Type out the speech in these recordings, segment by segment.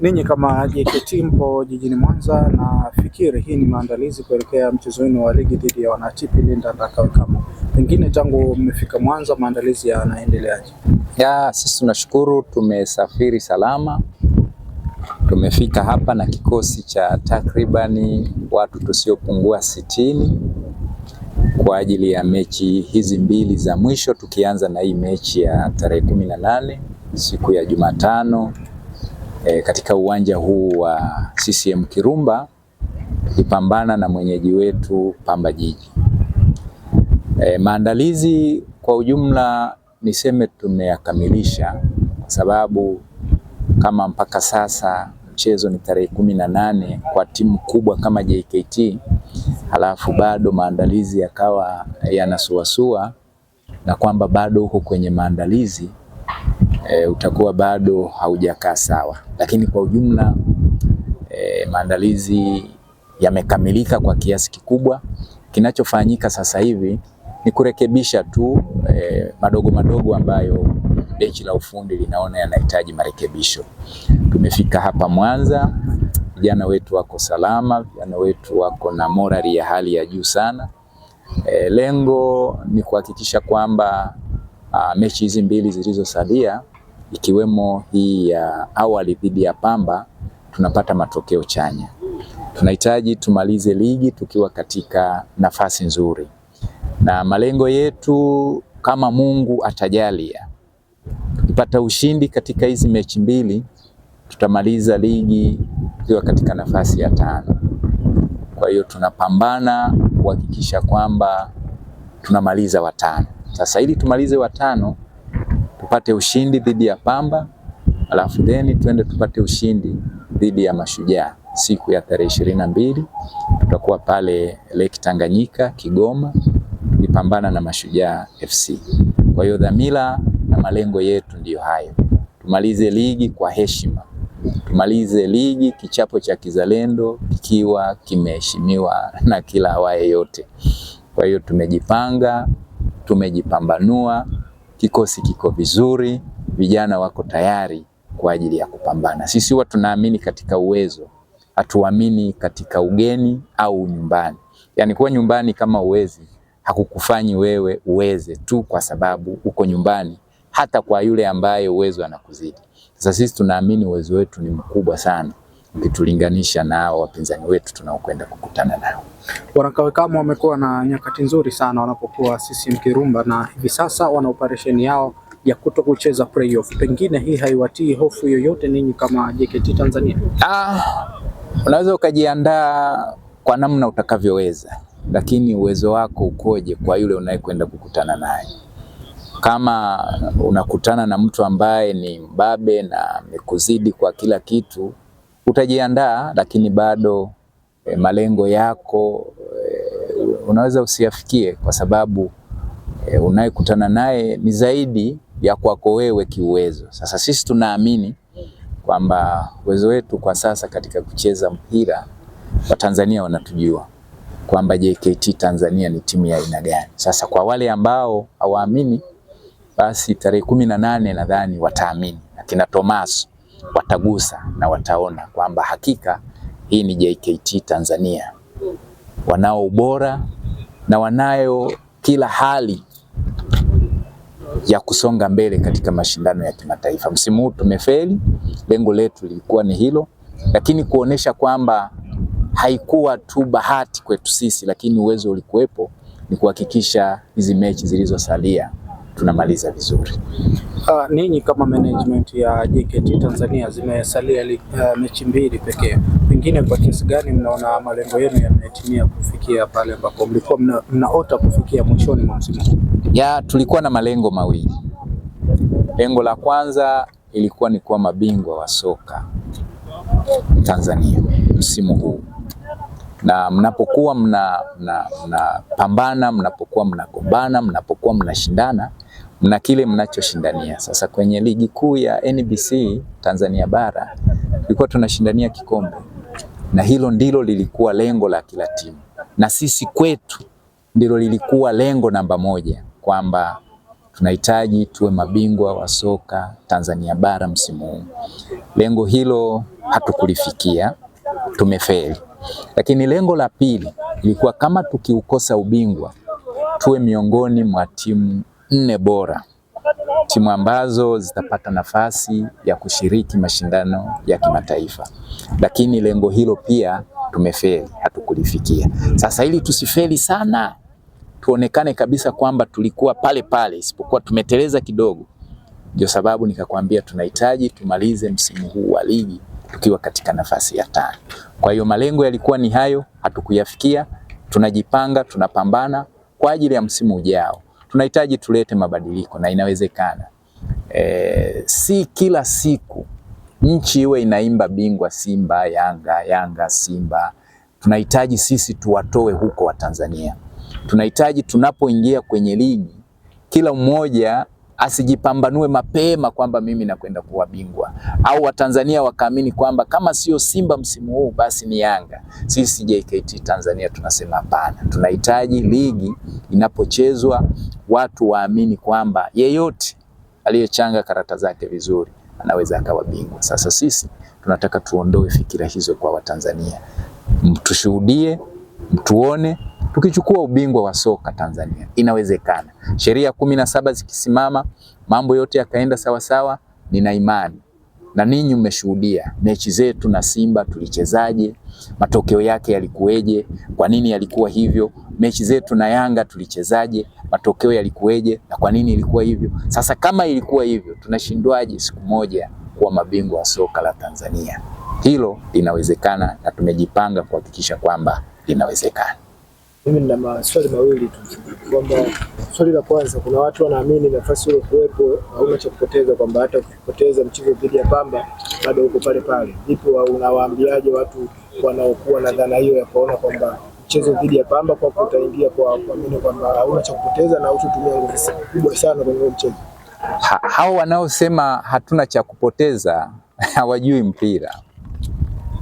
Ninyi kama JKT mpo jijini Mwanza, nafikiri hii ni maandalizi kuelekea mchezo wenu wa ligi dhidi ya wanatipi Linda Kama Pengine tangu mmefika Mwanza, maandalizi yanaendeleaje? Ya, sisi tunashukuru tumesafiri salama, tumefika hapa na kikosi cha takribani watu tusiopungua sitini kwa ajili ya mechi hizi mbili za mwisho, tukianza na hii mechi ya tarehe kumi na nane siku ya Jumatano e, katika uwanja huu wa CCM Kirumba kupambana na mwenyeji wetu Pamba Jiji. E, maandalizi kwa ujumla niseme tumeyakamilisha kwa sababu kama mpaka sasa mchezo ni tarehe kumi na nane kwa timu kubwa kama JKT, halafu bado maandalizi yakawa yanasuasua na kwamba bado huko kwenye maandalizi e, utakuwa bado haujakaa sawa, lakini kwa ujumla e, maandalizi yamekamilika kwa kiasi kikubwa. Kinachofanyika sasa hivi ni kurekebisha tu e, madogo madogo ambayo benchi la ufundi linaona yanahitaji marekebisho. Tumefika hapa Mwanza, vijana wetu wako salama, vijana wetu wako na morali ya hali ya juu sana. E, lengo ni kuhakikisha kwamba uh, mechi hizi mbili zilizosalia ikiwemo hii ya uh, awali dhidi ya Pamba tunapata matokeo chanya. Tunahitaji tumalize ligi tukiwa katika nafasi nzuri, na malengo yetu kama Mungu atajalia, tukipata ushindi katika hizi mechi mbili tutamaliza ligi tukiwa katika nafasi ya tano. Kwa hiyo tunapambana kuhakikisha kwamba tunamaliza watano. Sasa ili tumalize watano tupate ushindi dhidi ya Pamba, alafu theni twende tupate ushindi dhidi ya Mashujaa siku ya tarehe ishirini na mbili. Tutakuwa pale Lake Tanganyika Kigoma, kupambana na Mashujaa FC. Kwa hiyo dhamira na malengo yetu ndiyo hayo, tumalize ligi kwa heshima, tumalize ligi kichapo cha kizalendo kikiwa kimeheshimiwa na kila awaye yote. Kwa hiyo tumejipanga tumejipambanua, kikosi kiko vizuri, vijana wako tayari kwa ajili ya kupambana. Sisi huwa tunaamini katika uwezo, hatuamini katika ugeni au nyumbani. Yaani kuwa nyumbani kama uwezi hakukufanyi wewe uweze tu kwa sababu uko nyumbani, hata kwa yule ambaye uwezo anakuzidi. Sasa sisi tunaamini uwezo wetu ni mkubwa sana ukitulinganisha na wapinzani wetu tunaokwenda kukutana nao. Wanakawe kama wamekuwa na nyakati nzuri sana wanapokuwa CCM Kirumba, na hivi sasa wana operesheni yao ya kuto kucheza playoff. Pengine hii haiwatii hofu yoyote ninyi kama JKT Tanzania? Ah, unaweza ukajiandaa kwa namna utakavyoweza, lakini uwezo wako ukoje kwa yule unayekwenda kukutana naye? Kama unakutana na mtu ambaye ni mbabe na amekuzidi kwa kila kitu utajiandaa, lakini bado e, malengo yako e, unaweza usiyafikie kwa sababu e, unayekutana naye ni zaidi ya kwako wewe kiuwezo. Sasa sisi tunaamini kwamba uwezo wetu kwa sasa katika kucheza mpira wa Tanzania wanatujua kwamba JKT Tanzania ni timu ya aina gani. Sasa kwa wale ambao hawaamini, basi tarehe kumi na nane nadhani wataamini akina Tomaso watagusa na wataona kwamba hakika hii ni JKT Tanzania, wanao ubora na wanayo kila hali ya kusonga mbele katika mashindano ya kimataifa. Msimu huu tumefeli, lengo letu lilikuwa ni hilo, lakini kuonesha kwamba haikuwa tu bahati kwetu sisi, lakini uwezo ulikuwepo, ni kuhakikisha hizi mechi zilizosalia tunamaliza vizuri. Uh, ninyi kama management ya JKT Tanzania zimesalia uh, mechi mbili pekee, pengine kwa kiasi gani mnaona malengo yenu yametimia kufikia pale ambapo mlikuwa mna, mnaota kufikia mwishoni mwa msimu Ya, tulikuwa na malengo mawili. Lengo la kwanza ilikuwa ni kuwa mabingwa wa soka Tanzania msimu huu, na mnapokuwa mnapambana mna, mna mnapokuwa mnagombana mnapokuwa mnashindana na kile mnachoshindania. Sasa kwenye ligi kuu ya NBC Tanzania bara tulikuwa tunashindania kikombe, na hilo ndilo lilikuwa lengo la kila timu, na sisi kwetu ndilo lilikuwa lengo namba moja kwamba tunahitaji tuwe mabingwa wa soka Tanzania bara msimu huu. Lengo hilo hatukulifikia, tumefeli. Lakini lengo la pili ilikuwa kama tukiukosa ubingwa tuwe miongoni mwa timu nne bora, timu ambazo zitapata nafasi ya kushiriki mashindano ya kimataifa, lakini lengo hilo pia tumefeli, hatukulifikia. Sasa ili tusifeli sana, tuonekane kabisa kwamba tulikuwa pale pale, isipokuwa tumeteleza kidogo. Ndio sababu nikakwambia tunahitaji tumalize msimu huu wa ligi tukiwa katika nafasi ya tano. Kwa hiyo malengo yalikuwa ni hayo, hatukuyafikia. Tunajipanga, tunapambana kwa ajili ya msimu ujao tunahitaji tulete mabadiliko na inawezekana. E, si kila siku nchi iwe inaimba bingwa Simba Yanga, Yanga Simba. Tunahitaji sisi tuwatoe huko Watanzania, tunahitaji tunapoingia kwenye ligi kila mmoja asijipambanue mapema kwamba mimi nakwenda kuwa bingwa, au Watanzania wakaamini kwamba kama sio Simba msimu huu basi ni Yanga. Sisi JKT Tanzania tunasema hapana, tunahitaji ligi inapochezwa watu waamini kwamba yeyote aliyechanga karata zake vizuri anaweza akawa bingwa. Sasa sisi tunataka tuondoe fikira hizo kwa Watanzania, mtushuhudie, mtuone tukichukua ubingwa wa soka Tanzania. Inawezekana sheria kumi na saba zikisimama, mambo yote yakaenda sawasawa, nina imani na ninyi mmeshuhudia mechi zetu na Simba tulichezaje, matokeo yake yalikuweje, kwa nini yalikuwa hivyo? Mechi zetu na Yanga tulichezaje, matokeo yalikuweje na kwa nini ilikuwa hivyo? Sasa kama ilikuwa hivyo, tunashindwaje siku moja kuwa mabingwa wa soka la Tanzania? Hilo linawezekana na tumejipanga kuhakikisha kwamba linawezekana. Mimi nina maswali mawili tu, kwamba swali la kwanza, kuna watu wanaamini nafasi hiyo kuwepo hauna cha kupoteza, kwamba hata ukipoteza mchezo dhidi ya Pamba bado uko pale pale. Ipo, unawaambiaje watu wanaokuwa na dhana hiyo ya kuona kwamba mchezo dhidi ya Pamba kwa kutaingia kwa kuamini kwamba hauna cha kupoteza na ututumia nguvu kubwa sana kwenye huo mchezo? hao wanaosema hatuna cha kupoteza hawajui mpira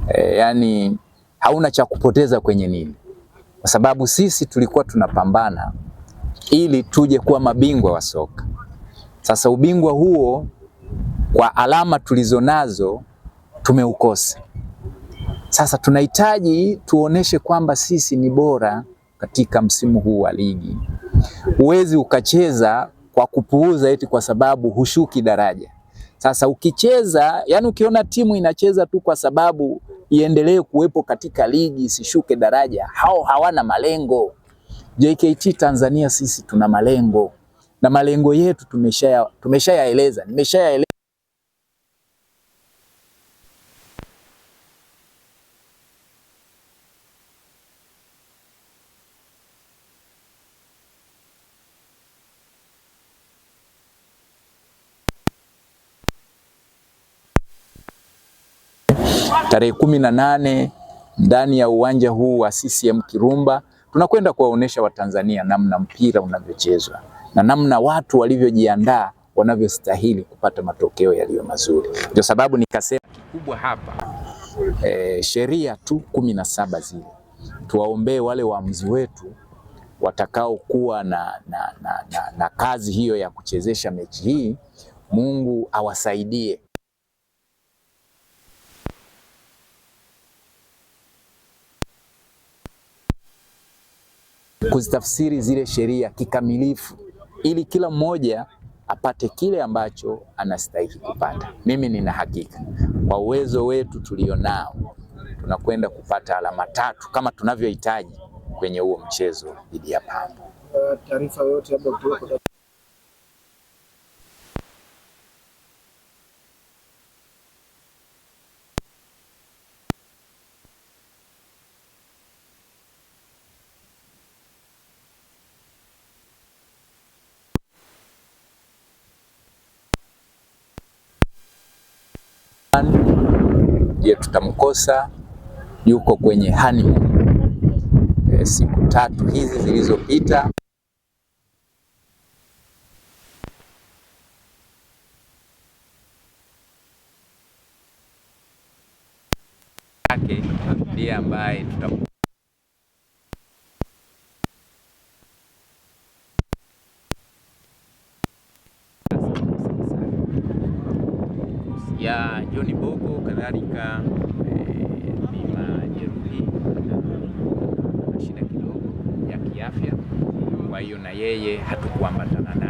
e, yani hauna cha kupoteza kwenye nini? kwa sababu sisi tulikuwa tunapambana ili tuje kuwa mabingwa wa soka. Sasa ubingwa huo kwa alama tulizonazo tumeukosa. Sasa tunahitaji tuoneshe kwamba sisi ni bora katika msimu huu wa ligi. Huwezi ukacheza kwa kupuuza eti kwa sababu hushuki daraja. Sasa ukicheza, yani ukiona timu inacheza tu kwa sababu iendelee kuwepo katika ligi, isishuke daraja. Hao hawana malengo. JKT Tanzania, sisi tuna malengo na malengo yetu tumeshayaeleza, tumeshayaeleza. tarehe kumi na nane ndani ya uwanja huu wa CCM Kirumba. Tunakwenda kuwaonesha Watanzania namna mpira unavyochezwa na namna watu walivyojiandaa wanavyostahili kupata matokeo yaliyo mazuri. Ndio sababu nikasema kikubwa hapa e, sheria tu kumi na saba zile tuwaombee wale waamuzi wetu watakaokuwa na, na, na, na, na kazi hiyo ya kuchezesha mechi hii. Mungu awasaidie kuzitafsiri zile sheria kikamilifu ili kila mmoja apate kile ambacho anastahili kupata. Mimi nina hakika kwa uwezo wetu tulionao tunakwenda kupata alama tatu kama tunavyohitaji kwenye huo mchezo dhidi ya Pamba. Uh, taarifa yote ya plan. Je, tutamkosa? Yuko kwenye honeymoon. E, siku tatu hizi zilizopita ndiye ambaye tuta ya John Bogo kadhalika ni eh, e, majeruhi na shida kidogo ya kiafya, kwa hiyo na yeye hatukuambatana na